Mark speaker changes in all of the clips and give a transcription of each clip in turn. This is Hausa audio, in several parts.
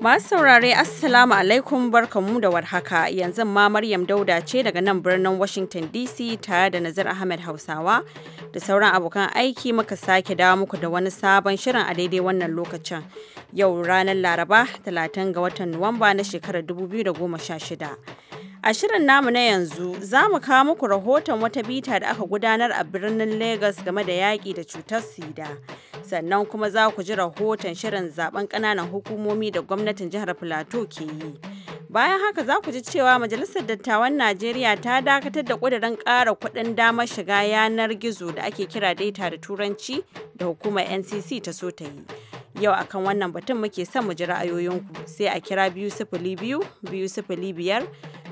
Speaker 1: Masu saurare Assalamu alaikum barkamu da warhaka yanzu ma Maryam Dauda ce daga nan birnin Washington DC tare da Nazir Ahmed Hausawa da sauran abokan aiki muka sake dawo muku da wani sabon shirin a daidai wannan lokacin. Yau ranar Laraba 30 ga watan Nuwamba na shekarar 2016. A shirin namu na yanzu za mu kawo muku rahoton wata bita da aka gudanar a birnin Legas game da yaƙi da cutar sida. Sannan kuma za ku ji rahoton shirin zaben ƙananan hukumomi da gwamnatin jihar Filato ke yi. Bayan haka za ku ji cewa Majalisar Dattawan Najeriya ta dakatar da ƙudurin ƙara kuɗin damar shiga yanar gizo da ake kira data da Turanci da hukumar NCC ta so ta yi. yau akan wannan batun muke son mu ji ra'ayoyinku sai a kira biyu sifili biyu biyu sifili biyar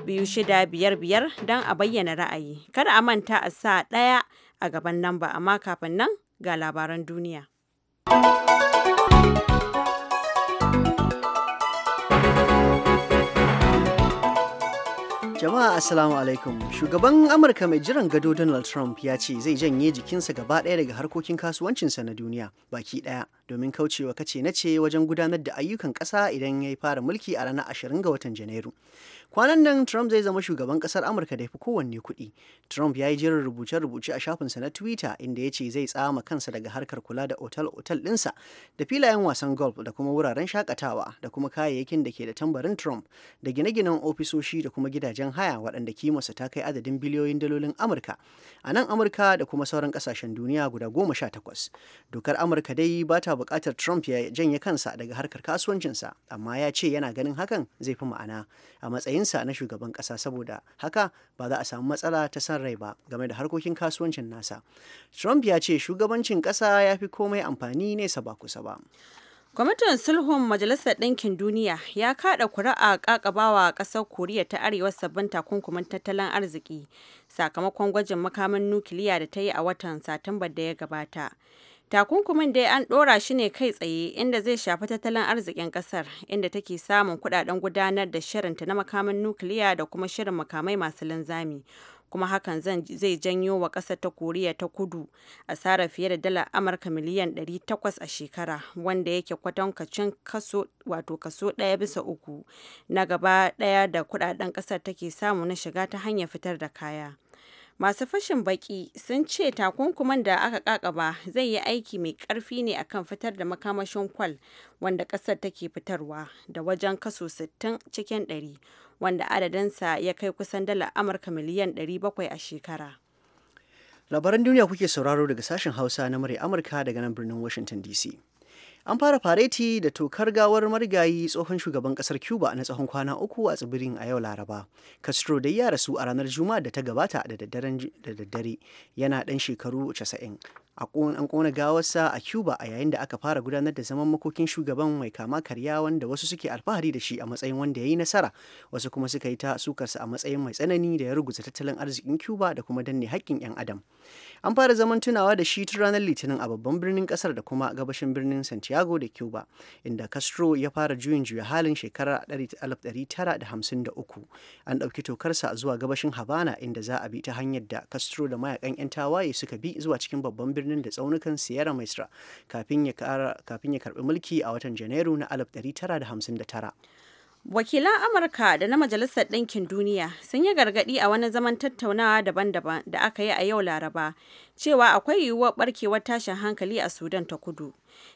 Speaker 1: biyu shida biyar biyar don a bayyana ra'ayi. Kada a manta a sa ɗaya a gaban lamba amma kafin nan ga labaran duniya.
Speaker 2: Jama'a Assalamu alaikum. Shugaban Amurka mai jiran gado Donald Trump ya ce zai janye jikinsa gaba ɗaya daga harkokin kasuwancinsa na duniya baki ɗaya domin kaucewa kace na ce wajen gudanar da ayyukan ƙasa idan ya yi fara mulki a ranar 20 ga watan Janairu. Kwanan nan Trump zai zama shugaban ƙasar Amurka da ya fi kowanne kuɗi. Trump ya yi jiran rubuce-rubuce a shafinsa na Twitter inda ya ce zai tsama kansa daga harkar kula da otal-otal ɗinsa da filayen wasan golf da kuma wuraren shakatawa da kuma kayayyakin da ke da tambarin Trump da gine-ginen ofisoshi da kuma gidajen haya waɗanda kimarsa ta kai adadin biliyoyin dalolin amurka a nan amurka da kuma sauran ƙasashen duniya guda goma sha takwas dokar amurka dai ba ta buƙatar trump ya janye kansa daga harkar kasuwancinsa amma ya ce yana ganin hakan zai fi ma'ana a matsayinsa na shugaban ƙasa saboda haka ba za a samu matsala ta san rai ba game da harkokin kasuwancin nasa trump ya ce shugabancin ƙasa ya fi komai amfani nesa ba kusa ba Kwamitin
Speaker 1: Sulhun Majalisar Ɗinkin Duniya ya kaɗa kuri'a ƙaƙabawa ƙasar Koriya ta Arewa sabbin takunkumin tattalin arziki sakamakon gwajin makamin nukiliya da ta yi a watan Satumbar da ya gabata. Takunkumin dai an ɗora shi ne kai tsaye inda zai shafi tattalin arzikin ƙasar inda take samun kuɗaɗen gudanar da shirinta na makamin nukiliya da kuma shirin makamai masu linzami kuma hakan zai janyo wa ƙasar ta koriya ta kudu asara fiye da dalar amurka miliyan 800 a shekara wanda yake kwatankacin kaso wato kaso ɗaya bisa uku na gaba daya da kudaden ƙasar take samu na shiga ta hanyar fitar da kaya masu fashin baki sun ce takunkuman da aka kakaba zai yi aiki mai karfi ne akan fitar da makamashin kwal wanda kasar take fitarwa da wajen kaso 60 cikin 100 wanda adadinsa ya kai kusan dala amurka miliyan 700 a shekara
Speaker 2: labaran duniya kuke sauraro daga sashen hausa na murya amurka daga nan birnin washington dc an fara fareti da tokar gawar marigayi tsohon shugaban kasar cuba na tsawon kwana uku a tsibirin a yau laraba castro dai ya rasu a ranar juma'a da ta gabata da daddare yana dan shekaru 90 an kona gawarsa a cuba a yayin da aka fara gudanar da zaman makokin shugaban mai kama karya wanda wasu suke alfahari da shi a matsayin wanda ya yi nasara wasu kuma suka yi ta sukarsa a matsayin mai tsanani da ya ruguza tattalin arzikin cuba da kuma danne haƙƙin 'yan adam an fara zaman tunawa da shi tun ranar litinin a babban birnin kasar da kuma gabashin birnin santiago da cuba inda castro ya fara juyin juya halin shekarar 1953 an ɗauki tokarsa zuwa gabashin habana inda za a bi ta hanyar da castro da mayakan 'yan tawaye suka bi zuwa cikin babban birnin birnin da tsaunukan sierra maestra kafin ya karbi mulki a watan janairu na 1959
Speaker 1: Wakilan Amurka da na Majalisar Ɗinkin Duniya sun yi gargaɗi a wani zaman tattaunawa daban-daban da aka yi a yau Laraba cewa akwai yiwuwar barkewar tashin hankali a Sudan ta kudu.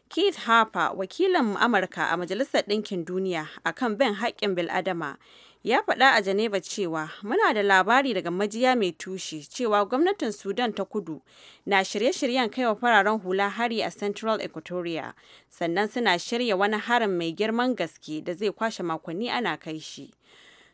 Speaker 1: Keith Harper, wakilan Amurka a Majalisar Ɗinkin Duniya akan bin haƙƙin bil'adama, ya faɗa a Geneva cewa muna da labari daga majiya mai tushe cewa gwamnatin Sudan ta kudu na shirye-shiryen kaiwa fararen hula hari a Central Equatoria sannan suna shirya wani harin mai girman gaske da zai kwashe makonni ana kai shi.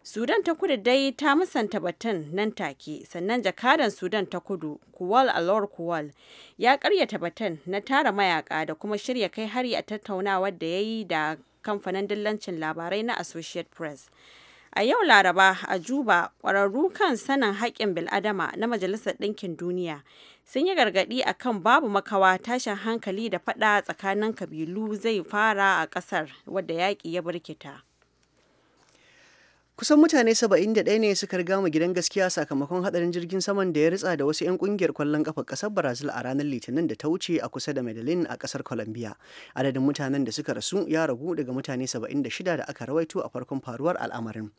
Speaker 1: Sudan ta kudu dai ta musanta batun nan take sannan jakadan Sudan ta kudu Kuwal Alor Kuwal ya karyata batun na tara mayaka da kuma shirya kai hari a tattaunawar da ya yi da kamfanin dillancin labarai na Associate Press. A yau Laraba a Juba, ƙwararru kan sanin haƙƙin bil'adama na Majalisar Ɗinkin Duniya sun yi gargaɗi a kan babu makawa tashin hankali da faɗa tsakanin kabilu zai fara a ƙasar wadda yaƙi ya birkita.
Speaker 2: Kusan mutane 71 ne suka riga mu gidan gaskiya sakamakon hadarin jirgin saman da ya ritsa da wasu 'yan kungiyar kwallon kafa kasar Brazil a ranar Litinin da ta wuce a kusa da Medellin a kasar Colombia. Adadin mutanen da suka rasu ya ragu daga mutane 76 da aka rawaito a farkon faruwar al'amarin.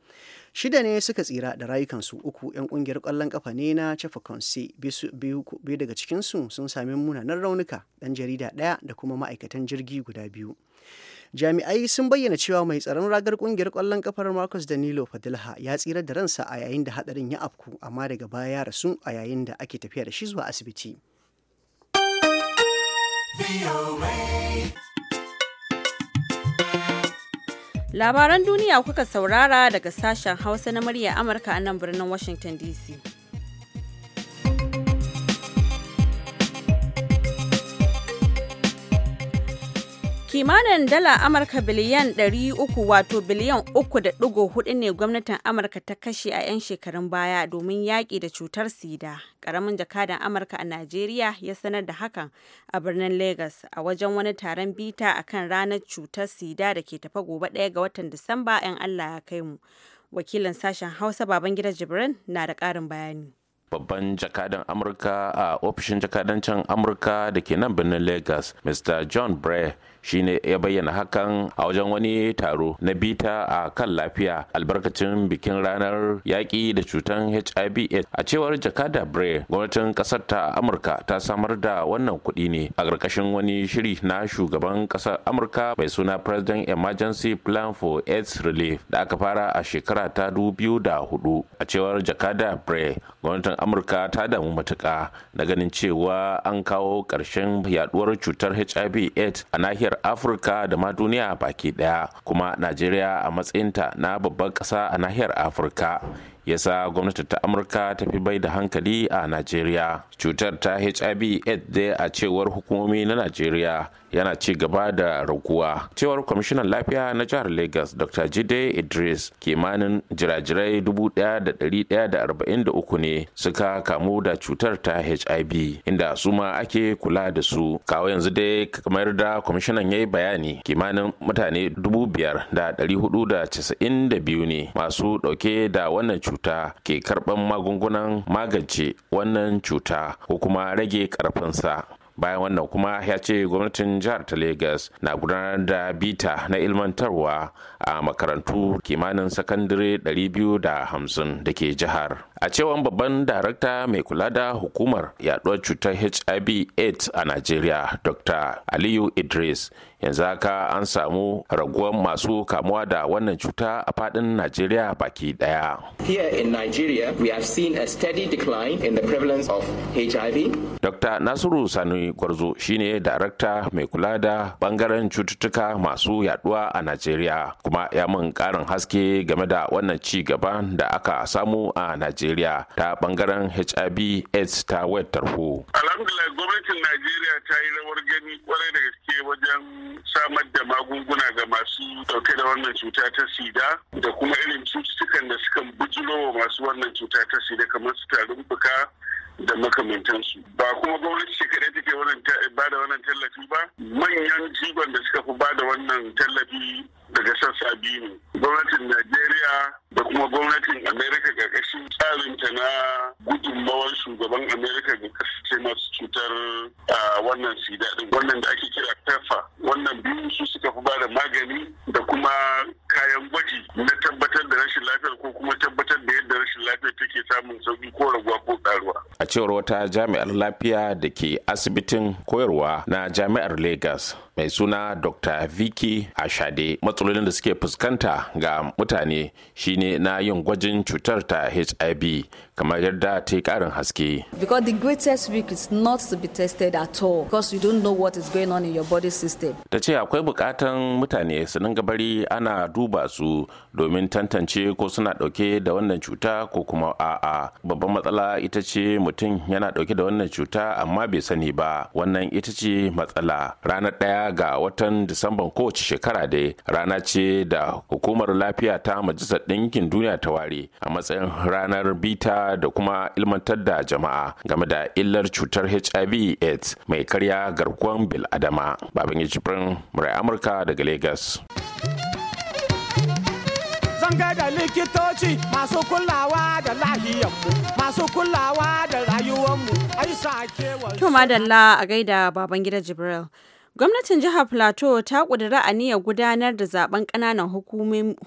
Speaker 2: Shida ne suka tsira da rayukansu uku 'yan kungiyar kwallon kafa ne na Chapecoense biyu daga cikinsu sun sami munanan raunuka dan jarida daya da kuma ma'aikatan jirgi guda biyu. Jami'ai sun bayyana cewa mai tsaron ragar kungiyar ƙwallon kafar Marcus Danilo Fadilha ya tsira da ransa a yayin da hadarin ya afku amma daga baya ya rasu a yayin da ake tafiya da shi zuwa asibiti.
Speaker 1: Labaran duniya kuka saurara daga sashen Hausa na murya Amurka a nan birnin Washington DC. kimanin dala amurka biliyan 300 wato biliyan 3.4 ne gwamnatin amurka ta kashe a 'yan shekarun baya domin yaƙi da cutar sida ƙaramin jakadan amurka a najeriya ya sanar da hakan a birnin lagos a wajen wani taron bita a kan ranar cutar sida da ke tafa gobe ɗaya ga watan disamba 'yan allah ya kai mu wakilin sashen hausa baban babangida jibrin na da ƙarin bayani
Speaker 3: babban jakadan amurka a ofishin jakadancin amurka da ke nan birnin lagos mr john bray shine ya bayyana hakan a wajen wani taro na bita a kan lafiya albarkacin bikin ranar yaƙi da cutan hiv a cewar jakada bre gwamnatin ƙasar ta amurka ta samar da wannan kuɗi ne a ƙarƙashin wani shiri na shugaban ƙasar amurka mai suna president emergency plan for aids relief da aka fara a shekara ta da hudu a cewar jakada bre gwamnatin amurka ta damu matuƙa na ganin cewa an kawo ƙarshen yaduwar cutar hiv aids a nahiyar afirka da ma duniya baki daya kuma najeriya a matsayinta na babban ƙasa a nahiyar afirka yasa gwamnati ta amurka ta fi bai da hankali a najeriya cutar ta hiv aids dai a cewar hukumomi na najeriya yana ci gaba da raguwa cewar kwamishinan lafiya na jihar lagos dr jide idris kimanin jirajirai 1143 ne suka kamu da cutar ta hiv inda su ma ake kula da su kawo yanzu dai kamar da kwamishinan ya yi bayani kimanin mutane 5,492 ne masu dauke da wannan cuta ke karban magungunan magance wannan cuta ko kuma rage karfinsa bayan wannan kuma ya ce gwamnatin jihar ta lagos na gudanar da bita na ilmantarwa a makarantu kimanin sakandare 250 da ke jihar a cewan babban darakta mai kula da hukumar yaduwar cutar hiv aids a najeriya dr aliyu idris yanzu haka an samu raguwar masu kamuwa da wannan cuta a fadin najeriya baki daya
Speaker 4: here in
Speaker 5: nigeria we have seen a steady decline in the prevalence of hiv
Speaker 3: dr nasiru sani gwarzo shine darakta mai kula da bangaren cututtuka masu yaduwa a najeriya kuma ya min karin haske game da wannan ci gaba da aka samu a najeriya ta bangaren hiv aids ta wayar tarho
Speaker 5: alhamdulillah gwamnatin najeriya ta yi rawar gani kwarai da gaske wajen samar da magunguna ga masu dauke da wannan cuta ta sida da kuma irin cututtukan da sukan bujulowa masu
Speaker 3: wannan cuta ta sida kamar su tarin fuka da makamantansu ba kuma gwamnati ce kadai take ba da wannan tallafi ba manyan jigon da suka fi ba da wannan tallafi daga sassa biyu ne gwamnatin najeriya da kuma gwamnatin amerika karkashin tsarinta na gudunmawar shugaban amerika ga ce masu cutar wannan sida din wannan da ake kira pefa wannan biyu su suka fi ba da magani
Speaker 6: da kuma kayan gwaji na tabbatar da rashin lafiyar ko kuma tabbatar da yadda rashin
Speaker 3: lafiyar take samun sauƙi ko raguwa cewar wata jami'ar lafiya da ke asibitin koyarwa na jami'ar Lagos mai suna Dr. Vicky Ashade. Matsalolin da suke fuskanta ga mutane shine na yin gwajin cutar ta HIV kamar yadda ta yi karin haske.
Speaker 7: Because the greatest risk is not to be tested at all because you don't know what is going on in your body system.
Speaker 3: Ta ce akwai bukatan mutane su dinga bari ana duba su domin tantance ko suna dauke da wannan cuta ko kuma a'a. Babban matsala ita ce mutum yana dauke da wannan cuta amma bai sani ba. Wannan ita ce matsala. Ranar ɗaya ga watan Disamban kowace shekara dai rana ce da hukumar lafiya ta majalisar ɗinkin duniya ta ware a matsayin ranar bita da kuma ilmantar da jama'a game da illar cutar hiv aids mai karya garkuwan bil'adama babin jibrin murai amurka daga lagos
Speaker 7: zanga da likitoci masu kulawa da lahiyanmu masu kulawa da rayuwanmu ai kewa
Speaker 1: to madalla a gaida baban jibril Gwamnatin Jihar Plateau ta ƙudiri aniyar gudanar da zaben ƙananan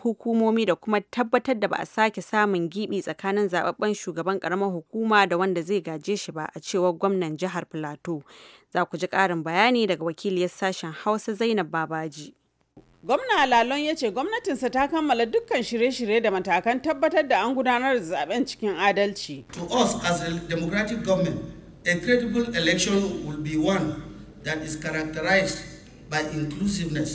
Speaker 1: hukumomi da kuma tabbatar da ba a sake samun giɓi tsakanin zababben shugaban ƙaramar hukuma da wanda zai gaje shi ba a cewar gwamnan jihar Plateau. Za ku ji ƙarin bayani daga wakiliyar sashen Hausa Zainab Babaji. Gwamna
Speaker 7: Lalon ya ce gwamnatinsa ta kammala dukkan shirye-shirye da matakan tabbatar da an gudanar da zaben cikin adalci. To
Speaker 5: us as a democratic government, a credible election will be one. that is characterized by inclusiveness,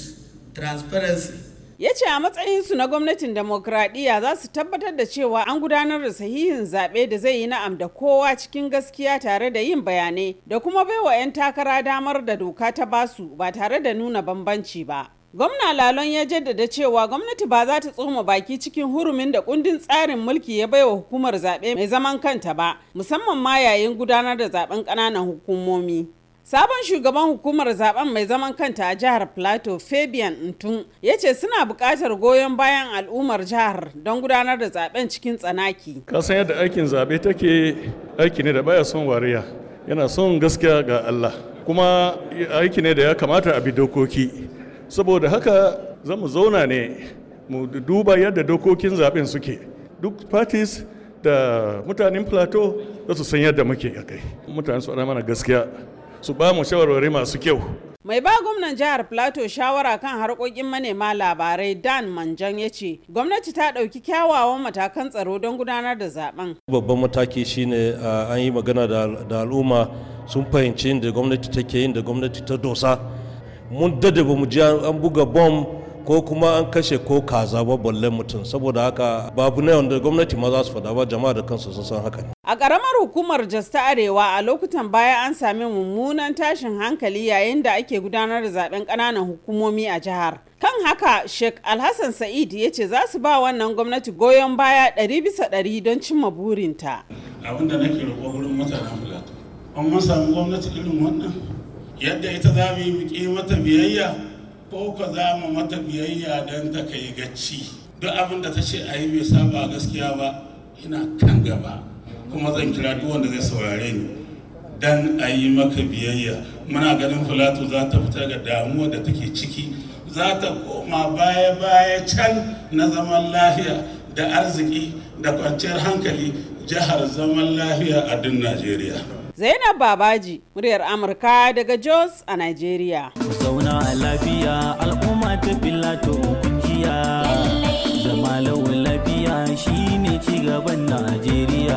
Speaker 5: transparency,
Speaker 7: ya ce a matsayinsu na gwamnatin demokradiyya za su tabbatar da cewa an gudanar da sahihin zaɓe da zai yi na'am da kowa cikin gaskiya tare da yin bayanai da kuma baiwa 'yan takara damar da doka ta basu ba tare da nuna bambanci ba gwamna lalon ya jaddada cewa gwamnati ba za ta tsoma baki cikin hurumin da kundin tsarin mulki ya baiwa hukumar zaɓe mai zaman kanta ba musamman ma yayin gudanar da zaɓen ƙananan hukumomi Sabon shugaban hukumar zaben mai zaman kanta a jihar Plateau Fabian Ntun ya ce suna buƙatar goyon bayan al'ummar jihar don gudanar da zaben cikin tsanaki.
Speaker 8: Kasan yadda aikin zabe take aiki ne da baya son wariya yana son gaskiya ga Allah kuma aiki ne da ya kamata a bi dokoki saboda haka za mu zauna ne mu duba yadda dokokin zaben suke duk parties da mutanen plateau za su san yadda muke a kai mutane su mana gaskiya su ba mu shawarwari masu kyau
Speaker 7: mai ba gwamnan jihar plateau shawara kan harkokin manema labarai dan manjan ya ce gwamnati ta ɗauki kyawawan matakan tsaro don gudanar da zaben
Speaker 4: babban mataki shine an yi magana da al'umma sun fahimci inda gwamnati take yin da gwamnati ta dosa mun dade ba mu ji an buga bom ko kuma an kashe ko kaza ba balle mutum saboda haka babu ne wanda gwamnati ma za su faɗa ba
Speaker 9: jama'a da kansu sun san haka
Speaker 7: a ƙaramar hukumar jasta arewa a lokutan baya an sami mummunan tashin hankali yayin da ake gudanar da zaben ƙananan hukumomi a jihar kan haka sheikh alhassan sa'id ya ce za su ba wannan gwamnati goyon baya ɗari bisa ɗari don cimma burinta
Speaker 3: abin da nake roƙo wurin mutanen filato an gwamnati irin wannan yadda ita za mu yi mata biyayya ko ka za mu mata biyayya don ta kai gacci duk abin da ta ce a yi bai saba gaskiya ba ina kan gaba kuma zan kira duk wanda zai saurare ni dan a yi maka biyayya muna ganin filato za ta fita ga damuwa da take ciki za ta koma baya-baya can na zaman lafiya da arziki da kwanciyar hankali
Speaker 5: jihar zaman lafiya a duk najeriya
Speaker 7: Zainab Babaji, muryar Amurka daga Jos a Nigeria.
Speaker 5: Zauna a lafiya al'umma ta filato kungiya. Zama lauyin lafiya shine cigaban Najeriya.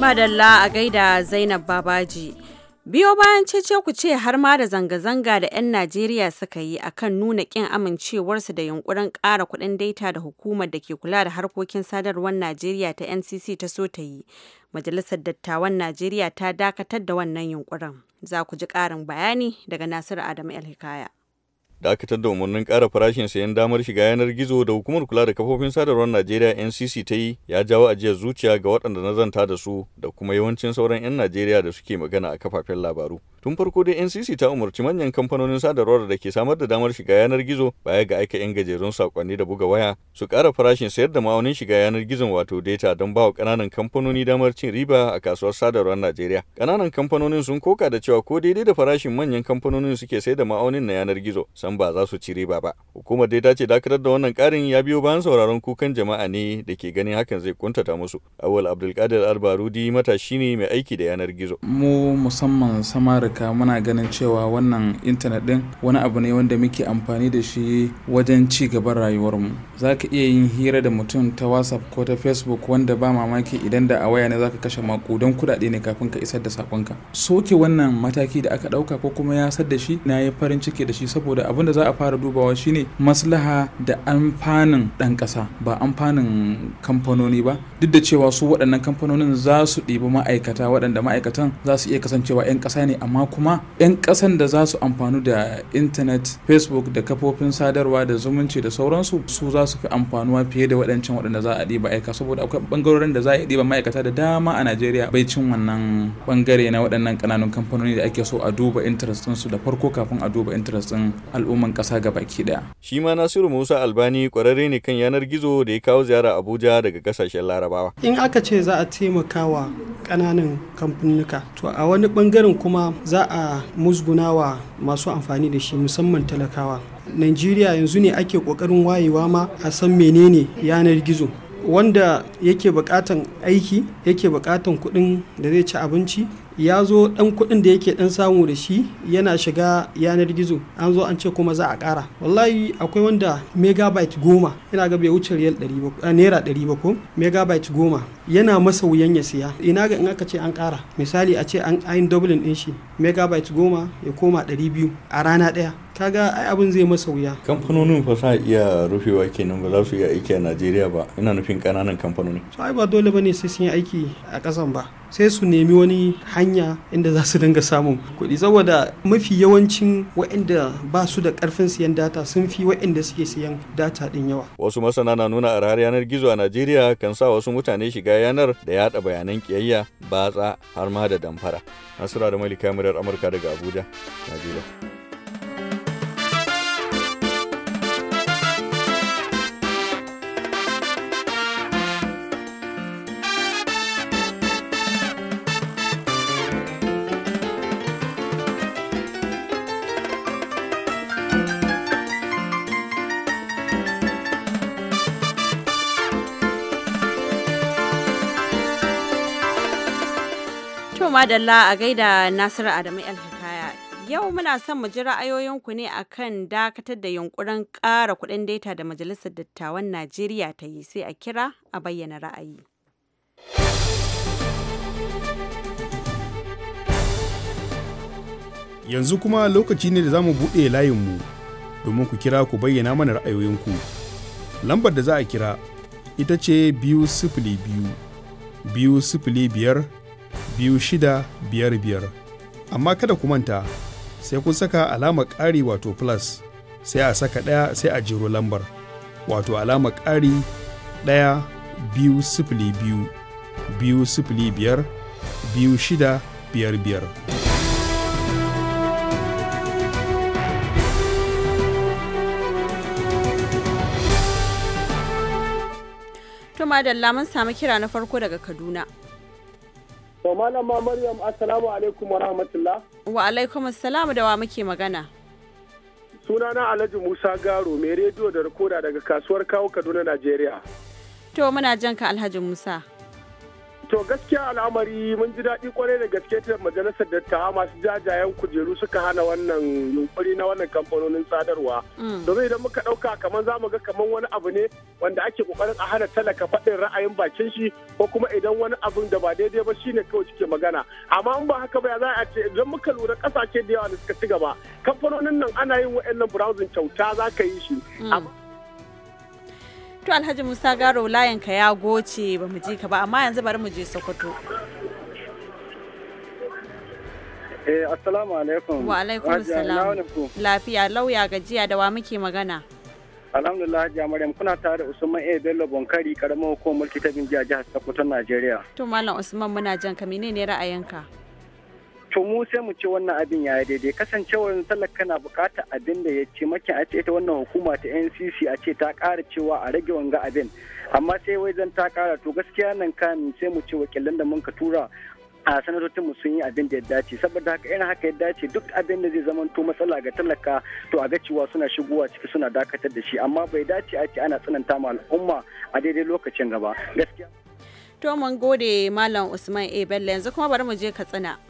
Speaker 1: Madalla a gaida Zainab Babaji. Biyo bayan cece ku ce har ma da zanga-zanga da 'yan Najeriya suka yi a kan nuna ƙin amincewarsu da yunkurin ƙara kuɗin daita da hukumar da ke kula da harkokin sadarwar Najeriya ta NCC ta so ta yi. Majalisar Dattawan Najeriya ta dakatar da wannan yunkurin. Za ku ji ƙarin bayani daga Nasiru Adamu Elhikaya.
Speaker 8: dakatar da umarnin ƙara farashin sayan damar shiga yanar gizo da hukumar kula da kafofin sadarwar Najeriya NCC ta yi ya jawo ajiyar zuciya ga waɗanda na zanta da su da kuma yawancin sauran 'yan Najeriya da suke magana a kafafen labaru. tun farko dai ncc ta umarci manyan kamfanonin sadarwar da ke samar da damar shiga yanar gizo baya ga aika 'yan gajerun sakonni da buga waya su ƙara farashin sayar da ma'aunin shiga yanar gizon wato data don ba wa ƙananan kamfanoni damar cin riba a kasuwar sadarwar najeriya ƙananan kamfanonin sun koka da cewa ko daidai da farashin manyan kamfanonin suke sayar da ma'aunin na yanar gizo san ba za su ci riba ba hukumar dai ta ce dakatar da wannan ƙarin ya biyo bayan sauraron kukan jama'a ne da ke ganin hakan zai kuntata musu awal abdulkadir albarudi matashi ne mai aiki da yanar gizo mu
Speaker 9: musamman samar afirka muna ganin cewa wannan intanet din wani abu ne wanda muke amfani da shi wajen ci gaban rayuwarmu za ka iya yin hira da mutum ta whatsapp ko ta facebook wanda ba mamaki idan da a waya ne za ka kashe makudan kudade ne kafin ka isar da sakonka soke wannan mataki da aka ɗauka ko kuma ya sar da shi na yi farin ciki da shi saboda abin da za a fara dubawa shine maslaha da amfanin ɗan ƙasa ba amfanin kamfanoni ba duk da cewa su waɗannan kamfanonin za su ɗibi ma'aikata waɗanda ma'aikatan za su iya kasancewa 'yan kasa ne amma amma kuma 'yan kasan da za su amfanu da intanet facebook da kafofin sadarwa da zumunci da sauransu su za su fi amfanuwa fiye da waɗancan waɗanda za a ɗiba aika saboda akwai ɓangarorin da za a ɗiba ma'aikata da dama a najeriya bai cin wannan bangare na waɗannan ƙananun kamfanoni da ake so a duba interest su da farko kafin a duba interest ɗin al'umman ƙasa
Speaker 8: baki ɗaya. shi ma nasiru musa albani ƙwararre ne kan yanar gizo da ya kawo ziyara abuja daga ƙasashen larabawa.
Speaker 5: in aka ce za a taimaka wa ƙananan kamfanuka to a wani bangaren kuma za a musgunawa masu amfani da shi musamman talakawa nigeria yanzu ne ake kokarin wayewa ma a san menene yanar gizo wanda yake bukatan aiki yake buƙatan kuɗin da zai ci abinci ya zo dan kuɗin da yake dan samu da shi yana shiga yanar gizo an zo an ce kuma za a kara wallahi akwai wanda megabyte goma yana ga bai wuce riyal naira ɗari ba ko megabyte goma yana masa wuyan ya siya ina ga in aka ce an kara misali a ce an ayin dublin din shi megabyte goma ya koma ɗari biyu a rana ɗaya kaga ai abin zai masa wuya
Speaker 8: kamfanonin fa sa iya rufewa kenan ba za su iya aiki a najeriya ba ina nufin ƙananan kamfanoni
Speaker 5: to ai ba dole bane sai sun yi aiki a ƙasan ba sai su nemi wani hanya inda za su dinga samun kuɗi saboda mafi yawancin waɗanda ba su da ƙarfin siyan data sun fi waɗanda suke siyan data ɗin yawa
Speaker 8: wasu masana na nuna arhar yanar gizo a najeriya kan sa wasu mutane shiga yanar da yaɗa bayanan kiyayya batsa har ma da damfara nasura da malika murar amurka daga abuja najeriya
Speaker 1: madalla a gaida Nasiru Adamu Alhikaya. Yau muna son mu ji ra'ayoyinku ne akan dakatar da yunkurin ƙara kuɗin data da Majalisar Dattawan Najeriya ta yi sai a kira a bayyana ra'ayi.
Speaker 5: Yanzu kuma lokaci ne da za mu buɗe layinmu domin ku kira ku bayyana mana ra'ayoyinku. Lambar da za a kira ita ce biyu sifili biyu, biyu sifili biyar shida 2655 amma kada ku manta sai kun saka alamar ƙari wato plus sai a saka ɗaya sai a jiro lambar wato alama ƙari ɗaya biyu sifili biyu biyu sifili biyar biyu shida biyar biyar.
Speaker 1: Tuma da mun samu kira na farko daga Kaduna. To malama Maryam assalamu alaikum wa rahmatullah. Wa alaikum assalam da wa muke magana. Sunana Alhaji
Speaker 5: Musa Garo mai rediyo da rikoda daga kasuwar kawo Kaduna Najeriya.
Speaker 1: To muna jan ka Alhaji Musa.
Speaker 5: To gaskiya al'amari mun ji daɗi kwarai da gaske ta majalisar dattawa masu jajayen kujeru suka hana wannan yunkuri na wannan kamfanonin sadarwa. Mm. Domin idan muka ɗauka kamar za mu ga kamar wani abu ne wanda ake ƙoƙarin a hana talaka faɗin ra'ayin bakin shi ko kuma idan wani abu da ba daidai ba shine kawai suke magana. Amma in ba haka ba za a ce idan muka lura ƙasashe da yawa da suka ci gaba kamfanonin nan ana yin wa'annan browsing kyauta
Speaker 1: za ka yi shi. Mm. to alhaji musa garo ka ya goce ba mu ji ka ba amma yanzu bari mu je sokoto
Speaker 5: Eh, assalamu alaikum. Wa alaikum salam.
Speaker 1: Lafiya lauya gajiya da wa muke magana.
Speaker 5: Alhamdulillah Hajiya Maryam kuna tare da Usman A Bello Bonkari karamar hukumar mulki ta Binjiya jihar Sokoto Najeriya.
Speaker 1: To Malam Usman muna jan ka menene ra'ayinka?
Speaker 5: to mu sai mu ce wannan abin ya yi daidai kasancewar talaka na bukata abin da ya ce maki a ce ita wannan hukuma ta ncc a ce ta kara cewa a rage wanga abin amma sai wai zan ta kara to gaskiya nan kan sai mu ce wakilan da mun ka tura a sanatocin mu sun yi abin da ya dace saboda haka irin haka ya dace duk abin da zai zama to matsala ga talaka to a ga cewa suna shigowa ciki suna dakatar da shi amma bai dace a ce ana tsananta ma al'umma a daidai lokacin gaba gaskiya
Speaker 1: to mun gode malam usman ebella yanzu kuma bari mu je katsina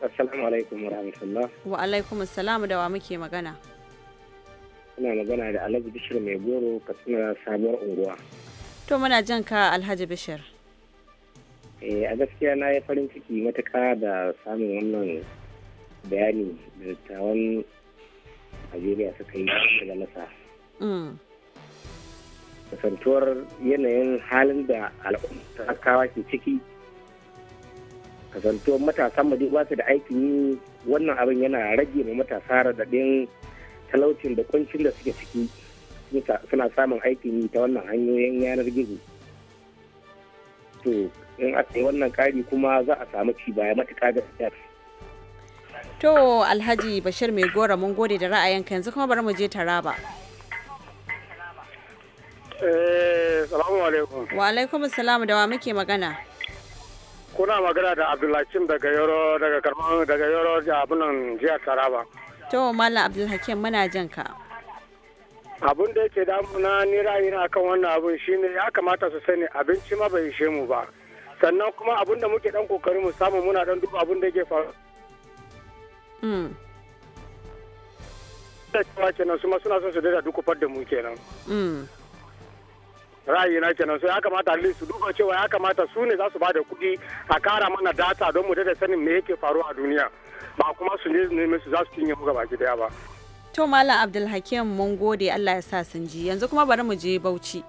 Speaker 5: Assalamu alaikum warahmatullah.
Speaker 1: Wa alaikum assalamu da wa muke magana.
Speaker 5: Ina magana da Alhaji Bishir mai goro Katsina sabuwar unguwa.
Speaker 1: To muna jan ka Alhaji Bishir.
Speaker 5: Eh a gaskiya na yi farin ciki matuƙa da samun wannan bayani da dattawan Najeriya suka yi daga nasa. Mm. Kasantuwar yanayin halin da al'umma kawa ke ciki kasanto matasan mu duk basu da aikin yi wannan abin yana rage ma matasa radadin talaucin da kuncin da suke ciki suna samun aikin yi ta wannan hanyoyin yanar gizo to in aka yi wannan kari kuma za a samu ci baya matuƙa gaskiya
Speaker 1: To Alhaji Bashir mai gora mun gode da ra'ayinka yanzu kuma bari mu je Taraba.
Speaker 5: Eh, salamu alaikum. Wa
Speaker 1: alaikum salamu da wa muke magana.
Speaker 5: kuna magana da abdullakin daga Yoro daga Karman daga Yoro da abunan jihar Taraba.
Speaker 1: To Mallam Abdulhakim muna jan ka.
Speaker 5: Abin da yake damuna ni ra'ayina akan wannan abun shine ya kamata su sani abinci ma bai ishe mu ba. Sannan kuma abin da muke dan kokari mu samu muna dan duba abin da yake faru. Mm. Da cewa kenan su ma suna son su daina dukufar da mu kenan. Mm. ra'ayi na kenan sai ya kamata at su duba cewa ya kamata su ne za su bada kuɗi a kara mana data don mu da sanin me yake faruwa a duniya ba kuma su ne ne su za su cinye mu gaba daya ba
Speaker 1: to malam abdulhakim mun gode Allah ya sa sun ji yanzu kuma bari mu je Bauchi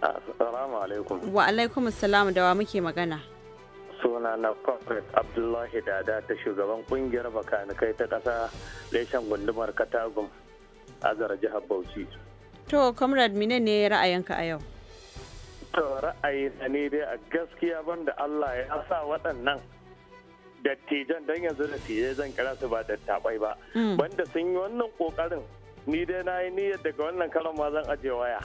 Speaker 5: Assalamu alaikum.
Speaker 1: Wa alaikum assalam da wa muke magana.
Speaker 5: suna na Kofret Abdullahi Dada ta shugaban kungiyar bakanikai ta kasa reshen gundumar Katagun. azara
Speaker 1: jihar bauchi to comrade mine ne ra'ayinka a yau
Speaker 5: to na ne dai a gaskiya banda allah ya sa waɗannan dattijan don yanzu dattijai zan kira su ba dattabai ba hmm. banda sun yi wannan kokarin ni dai na yi niyyar daga wannan karon ma zan aje waya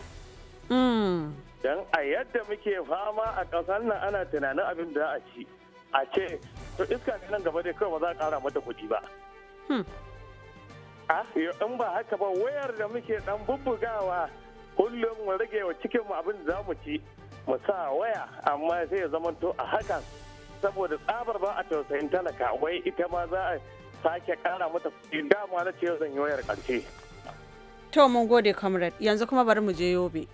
Speaker 6: hmm.
Speaker 5: don a yadda muke fama a ƙasar nan ana tunanin abin da a ci a ce to iska ne nan gaba dai kawai ba za a ƙara mata kuɗi ba hmm. Ah, in ba haka ba wayar da muke dan bubbugawa kullum mu rage wa cikinmu abin da za mu ci mu sa waya amma sai ya zamanto a hakan saboda tsabar ba a tausayin talaka wai ita ma za a sake kara mata kuɗi dama na ce zan yi wayar karshe
Speaker 1: To mun gode comrade yanzu kuma bari mu je yobe.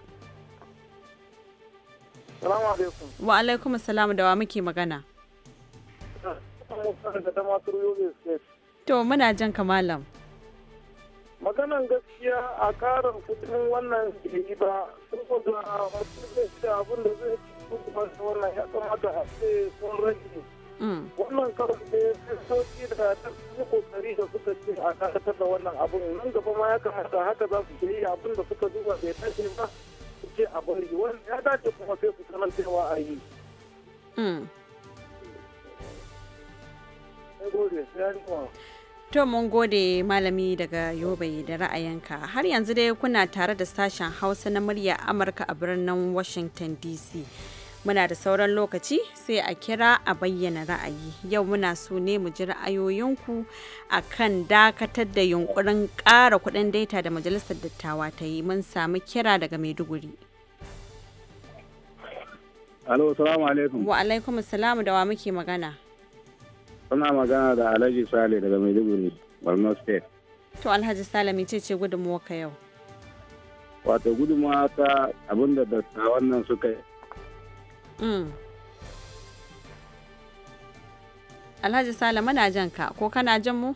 Speaker 1: Salamu alaikum. Wa alaikum salam da wa muke magana. To muna jan kamalam. malam.
Speaker 5: maganan gaskiya a karin kudin wannan yi ba saboda mutum zai ce abin da zai ci kuma wannan ya kamata a ce sun rage mm. wannan karin da ya fi sauki da ta fi kokari da suka ce a karatar da wannan abin nan gaba ma ya kamata haka za su yi abin da suka duba bai tashi ba su ce a bari wannan ya dace kuma sai su sanar yawa a yi.
Speaker 1: Mm. To mun gode malami daga Yobe da ra'ayinka. Har yanzu dai kuna tare da sashen Hausa na murya Amurka a birnin Washington DC. Muna da sauran lokaci sai a kira a bayyana ra'ayi. Yau muna so ne mu ji ra'ayoyinku a kan dakatar da yunkurin ƙara kuɗin daita da Majalisar Dattawa ta yi. Mun samu kira daga Maiduguri.
Speaker 5: Alo, salamu alaikum. Wa
Speaker 1: alaikum salamu da wa muke magana.
Speaker 5: Suna magana da Alhaji Sale daga Maiduguri, Borno State.
Speaker 1: To Alhaji Sale mai ce gudunmuwa ka yau?
Speaker 3: Wato gudunmuwa ta abinda da wannan suka yi.
Speaker 1: Mm. Alhaji Sale muna jan ka ko kana jan mu?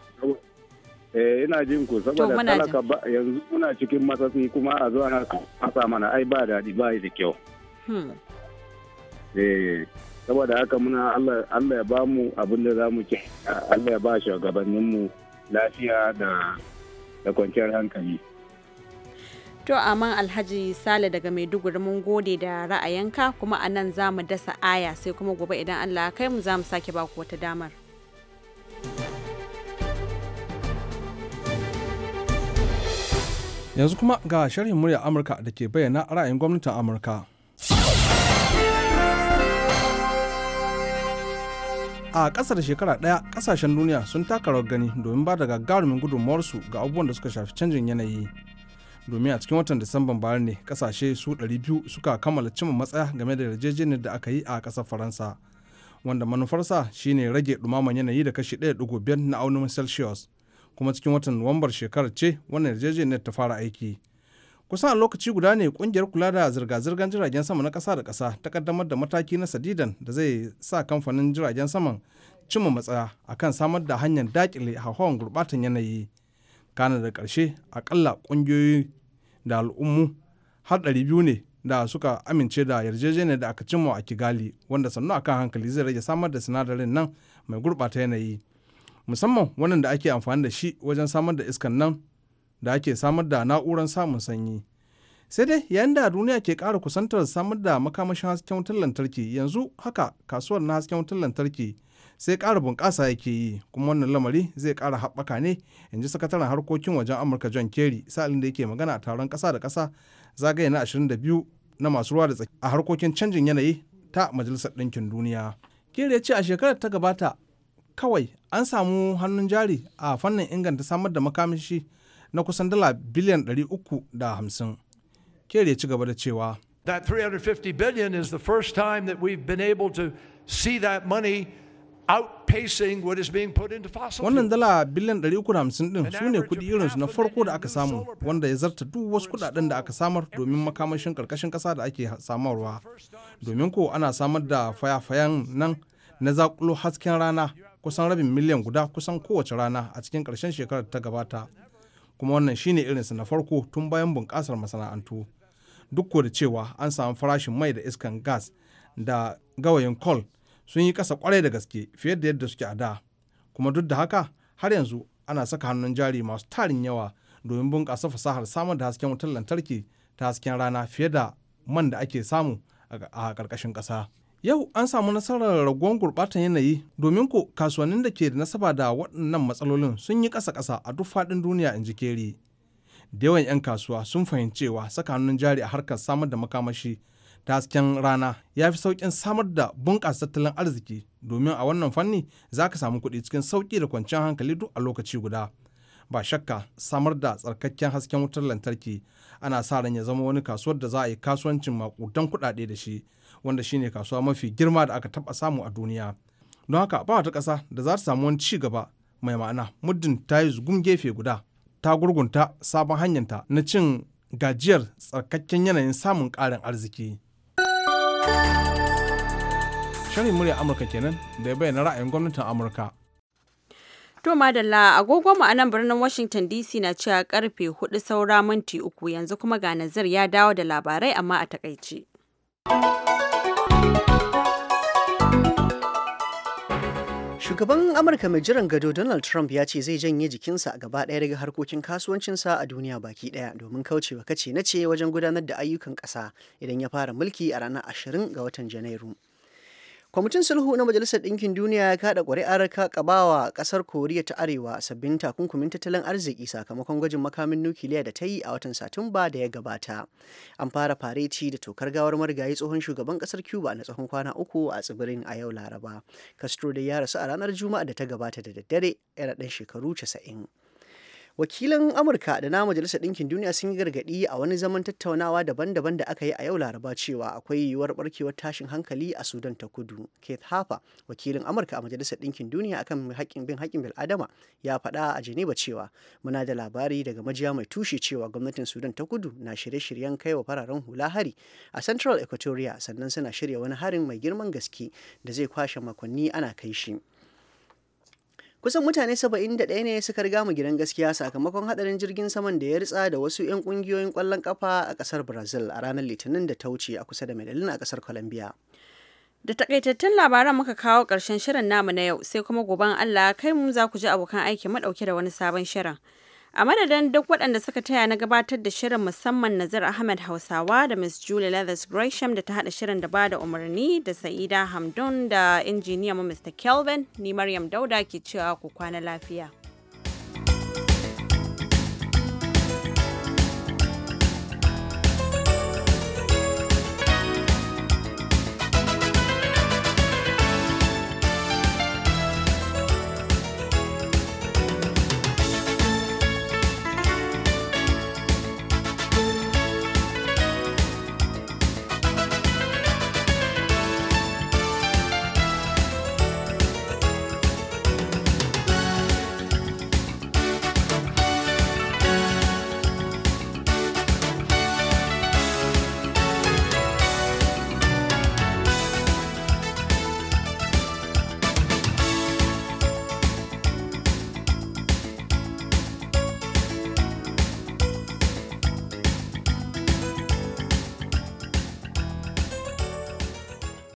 Speaker 5: Eh ina jin ku saboda talaka ba yanzu muna cikin matsatsi kuma a zuwa na fasa mana ai ba daɗi ba da kyau.
Speaker 1: Hmm.
Speaker 6: Eh
Speaker 5: saboda haka muna Allah ya ba mu abin da za mu ci Allah
Speaker 3: ya ba shugabanninmu lafiya da da kwanciyar hankali
Speaker 1: To aman Alhaji Sale daga Maiduguri mun gode da ra'ayinka kuma a nan za mu dasa aya sai kuma gobe idan Allah ya kai mu za mu sake baku wata damar.
Speaker 9: Yanzu
Speaker 4: kuma ga sharhin murya Amurka da ke bayyana ra'ayin gwamnatin Amurka. a ƙasa da shekara ɗaya ƙasashen duniya sun taka rawar gani domin ba da gagarumin su ga abubuwan da suka shafi canjin yanayi domin a cikin watan disamban bayan ne ƙasashe su 200 suka kammala cimma matsaya game da yarjejeniyar da aka yi a ƙasar faransa wanda manufarsa shine rage ɗumaman yanayi da kashi 1.5 na aunin celsius kuma cikin watan nuwambar shekarar ce wannan yarjejeniyar ta fara aiki kusan a lokaci guda ne kungiyar kula da zirga-zirgar jiragen sama na kasa da kasa ta kaddamar da mataki na sadidan da zai sa kamfanin jiragen saman cimma matsaya akan samar da hanyar dakile hauhawan gurbatan yanayi kana da karshe akalla ƙungiyoyi da al'ummu har ɗari biyu ne da suka amince da yarjejeniyar da aka cimma a kigali wanda sannu akan hankali zai rage samar da sinadarin nan mai gurɓata yanayi musamman wannan da ake amfani da shi wajen samar da iskan nan da ake samar da na'urar samun sanyi sai dai yayin da duniya ke ƙara kusantar samar da makamashin hasken wutar lantarki yanzu haka kasuwar na hasken wutar lantarki sai ƙara bunƙasa yake yi kuma wannan lamari zai ƙara haɓaka ne in ji sakataren harkokin wajen amurka john kerry sa'ilin da yake magana a taron ƙasa da kasa zagaye na 22 na masu ruwa da tsaki a harkokin canjin yanayi ta majalisar ɗinkin duniya kerry ya ce a shekarar ta gabata kawai an samu hannun jari a fannin inganta samar da makamashi na kusan dala biliyan 350 kerry ya ci gaba da cewa that 350 billion is the first time that we've been able to see that money outpacing what is being put into fossil Wannan dala biliyan 350 din su ne kuɗi irinsu na farko da aka samu wanda ya zarta duk wasu kudaden da aka samar domin makamashin karkashin kasa da ake samarwa. Domin ko ana samar da fayafayan nan na zakulo hasken rana kusan rabin miliyan guda kusan kowace rana a cikin ƙarshen shekarar ta gabata. kuma wannan shine irinsa na farko tun bayan bunƙasar masana'antu duk da cewa an samu farashin mai da iskan gas da gawayin coal sun yi ƙasa kwarai da gaske fiye da yadda suke a da kuma duk da haka har yanzu ana saka hannun jari masu tarin yawa domin bunƙasa fasahar samar da hasken wutar lantarki ta hasken rana fiye da man da ake samu a ƙarƙashin ƙasa. Yau an samu nasarar ragon gurɓatan yanayi domin ko kasuwannin da ke da nasaba da waɗannan matsalolin sun yi ƙasa-ƙasa a duk faɗin duniya in ji keri. Da yawan 'yan kasuwa sun fahimci cewa saka hannun jari a harkar samar da makamashi ta hasken rana ya fi sauƙin samar da bunƙasa tattalin arziki domin a wannan fanni za ka samu kuɗi cikin sauƙi da kwanciyar hankali duk a lokaci guda. Ba shakka samar da tsarkakken hasken wutar lantarki ana sa ran ya zama wani kasuwar da za a yi kasuwancin maƙudan kuɗaɗe da shi. wanda shine kasuwa mafi girma da aka taba samu a duniya don haka ba wata ƙasa da za ta samu wani ci gaba mai ma'ana muddin ta yi zugun gefe guda ta gurgunta sabon hanyarta na cin gajiyar tsarkakken yanayin samun karin arziki shirin murya amurka kenan da ya bayyana ra'ayin gwamnatin amurka
Speaker 1: To Madalla agogo mu a nan birnin Washington DC na cewa karfe 4 saura minti uku yanzu kuma ga nazar ya dawo da labarai amma a takaice.
Speaker 2: Shugaban Amurka mai jiran gado Donald Trump ya ce zai janye jikinsa gaba ɗaya daga harkokin kasuwancinsa a duniya baki ɗaya domin kauce kaucewa kace na ce wajen gudanar da ayyukan ƙasa idan ya fara mulki a ranar 20 ga watan Janairu. Kwamitin Sulhu na Majalisar Ɗinkin Duniya ya kaɗa ƙuri'ar kaɓawa ƙasar Koriya ta Arewa sabbin takunkumin tattalin arziki sakamakon gwajin makamin nukiliya da ta yi a watan Satumba da ya gabata. An fara fareti da tokar gawar marigayi tsohon shugaban ƙasar Cuba na tsawon kwana uku a tsibirin a yau Laraba. Castro dai ya rasu a ranar Juma'a da ta gabata da daddare yana ɗan shekaru casa'in. wakilan amurka da na majalisar ɗinkin duniya sun yi gargaɗi a wani zaman tattaunawa daban-daban da aka yi a yau laraba cewa akwai yiwuwar barkewar tashin hankali a sudan ta kudu keith harper wakilin amurka a majalisar ɗinkin duniya akan haƙƙin bin haƙƙin bil'adama ya faɗa a geneva cewa muna da labari daga majiya mai tushe cewa gwamnatin sudan ta kudu na shirye-shiryen kai wa fararen hula hari a central equatoria sannan suna shirya wani harin mai girman gaske da zai kwashe makonni ana kai shi kusan mutane 71 ne suka riga mu gidan gaskiya sakamakon hadarin jirgin saman da ya ritsa da wasu 'yan kungiyoyin kwallon kafa a kasar brazil a ranar litinin da ta wuce a kusa da medellin a kasar colombia
Speaker 1: da takaitattun labaran muka kawo karshen shirin namu na yau sai kuma goban allah kai mu za ku ji abokan aiki mu dauke da wani sabon shirin A madadin duk waɗanda suka taya na gabatar da shirin musamman nazar Ahmed Hausawa da Miss Julie Leathers Gresham da ta haɗa shirin da ba da umarni da Sa'ida Hamdun da injiniyan mu Mr. Kelvin, ni Maryam Dauda ke cewa ku kwana lafiya.